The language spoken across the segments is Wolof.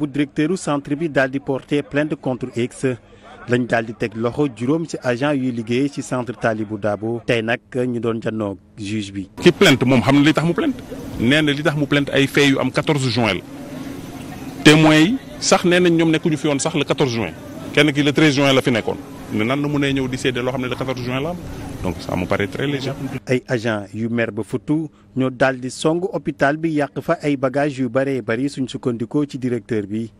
bu directeuru centre bi daal di porter plainte contre X lañ daal di teg loxo juróom ci agent yuy liggéey ci centre Talibou daabo tey nag ñu doon jannoo juge bi. ci plainte moom xam na li tax mu plainte nee li tax mu plainte ay faits yu am 14 juin la témoins yi sax nee nañ ñoom nekkuñu fi woon sax le 14 juin kenn ki le juin la fi nekkoon ne nan la mënee ñëw di seede loo xam ne le 14 juin la am. donc ça me paraît ay agent yu mer ba futu ñoo daal di song hôpital bi yàq fa ay bagages yu bëree bari suñ sukkandikoo ci directeur bi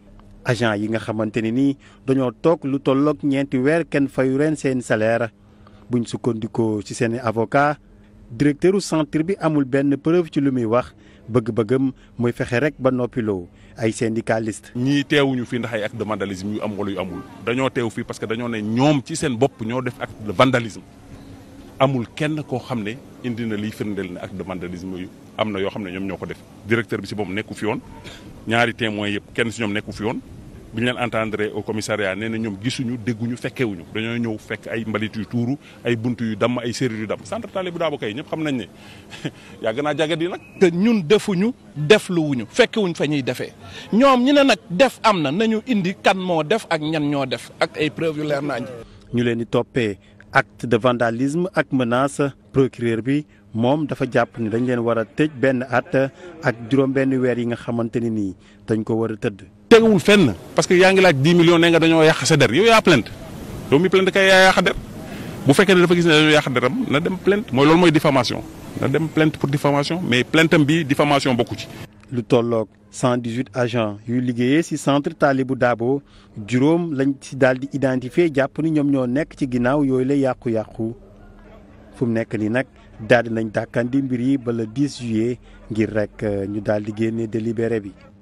agent yi nga xamante ne ni dañoo toog lu tolloog ñeenti weer kenn fayu reen seen salaire buñ sukkandikoo ci seen avocat directeuru centre bi amul benn preuve ci lu muy wax bëgg-bëggam mooy fexe rek ba noppiloo ay syndicaliste ñii teewuñu fii ndax ay acte de vandalisme yu am wala yu amul dañoo teew fii parce que dañoo ne ñoom ci seen bopp ñoo def acte de vandalisme amul kenn koo xam ne indi na liy firndeel ne ak de vandalisme yu am na yoo xam ne ñoom ñoo ko def directeur bi si moom nekku fi woon ñaari témoins yëpp kenn si ñoom nekku fi yoon bi ñu leen entendre au commissariat nee na ñoom gisuñu dégguñu fekkewuñu dañoo ñëw fekk ay mbalit yu tuuru ay bunt yu damm ay serrure yu damm centre Talibou Dabo kay ñëpp xam nañ ne yàgg naa jagat yi nag te ñun defuñu defluwuñu fekkewuñ fa ñuy defee ñoom ñu ne nag def am na nañu indi kan moo def ak ñan ñoo def ak ay preuve leer nañ ñu leen di toppee acte de vandalisme ak menace procureur bi moom dafa jàpp ni dañ leen war a tëj benn at ak juróom benn weer yi nga xamante ni nii dañ ko war a tëdd. teguwul fenn parce que yaa ngi laaj 10 millions nee nga dañoo yàq sa der yow yaa plainte yow mi plainte kay yaa yàq der bu fekkee ne dafa gis ne dañoo yàq deram na dem plainte mooy loolu mooy diffamation na dem plainte pour diffamation mais plainte am bi diffamation bokku ci. lu tolloog 118 agents yuy liggéeye ci centre Talibou daabo juróom lañ ci daal di identifier jàpp ni ñoom ñoo nekk ci ginnaaw yooyu la yàqu-yàqu fu mu nekk nii nag daal di nañ dàkkandi mbir yi ba le 10 juillet ngir rek euh, ñu daal di génne délibéré bi.